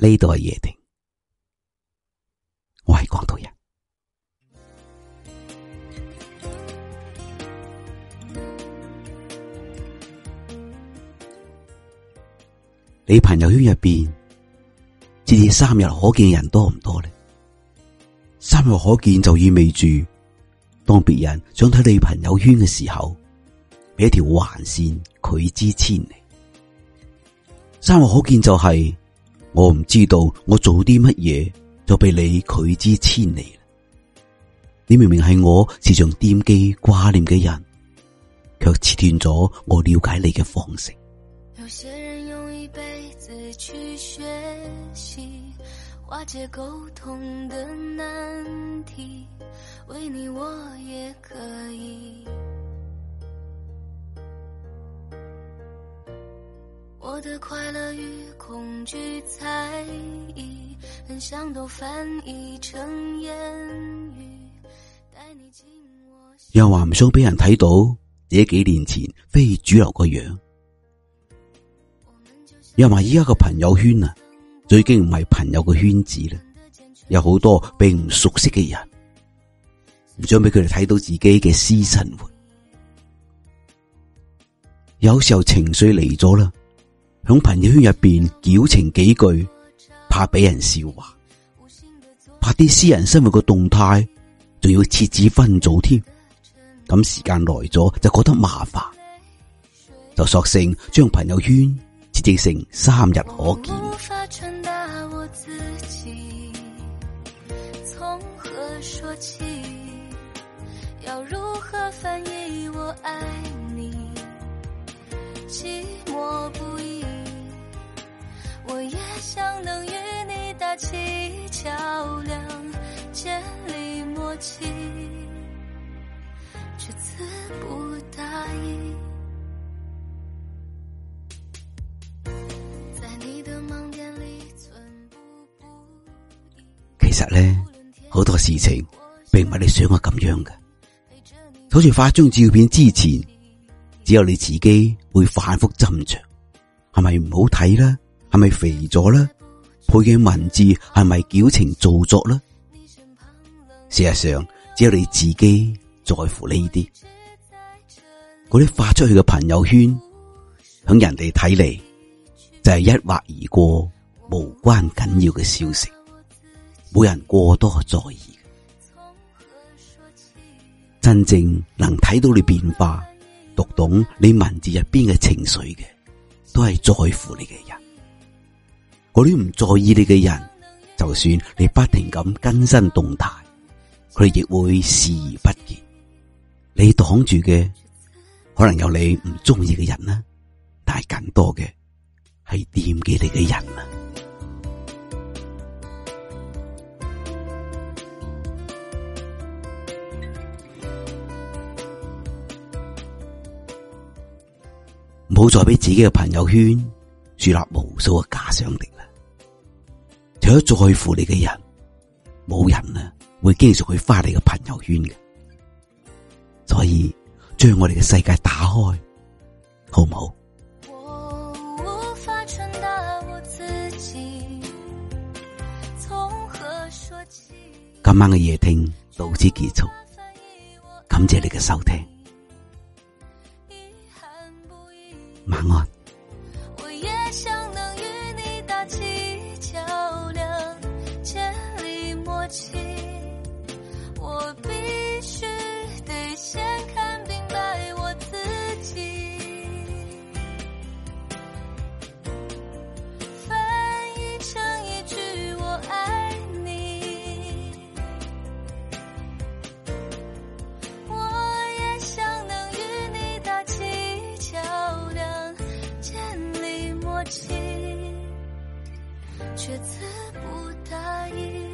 呢度係夜定，我係廣東人。你朋友圈入邊設置三日可見嘅人多唔多呢？三日可見就意味住，當別人想睇你朋友圈嘅時候，俾一條橫線拒之千里。三日可見就係、是。我唔知道我做啲乜嘢就俾你拒之千里。你明明係我時常惦記掛念嘅人，卻切斷咗我了解你嘅方式。有些人用一輩子去學習，化解溝通嘅難題，為你，我也可以。又話唔想俾人睇到自己幾年前非主流個樣，又話依家個朋友圈啊，就已經唔係朋友個圈子啦，有好多並唔熟悉嘅人，唔想俾佢哋睇到自己嘅私生活。有時候情緒嚟咗啦。響朋友圈入邊矯情幾句，怕俾人笑話；拍啲私人生活個動態，仲要設置分組添。咁時間耐咗就覺得麻煩，就索性將朋友圈設置成三日可見。我咧好多事情並唔係你想嘅咁樣嘅。好似發張照片之前，只有你自己會反復斟酌，係咪唔好睇啦？係咪肥咗啦？配嘅文字係咪矯情做作啦？事實上，只有你自己在乎呢啲。嗰啲發出去嘅朋友圈，響人哋睇嚟就係、是、一劃而過，無關緊要嘅消息。冇人過多在意，真正能睇到你變化、讀懂你文字入邊嘅情緒嘅，都係在乎你嘅人。嗰啲唔在意你嘅人，就算你不停咁更新動態，佢哋亦會視而不見。你擋住嘅，可能有你唔中意嘅人啦，但係更多嘅係惦記你嘅人啊。唔好再俾自己嘅朋友圈樹立無數嘅假想敵啦！除咗在乎你嘅人，冇人啊會經常去翻你嘅朋友圈嘅。所以將我哋嘅世界打開，好唔好？我無法傳達我自己，從何說起，今晚嘅夜聽到此結束，感謝你嘅收聽。媽媽，我也想。卻詞不達意。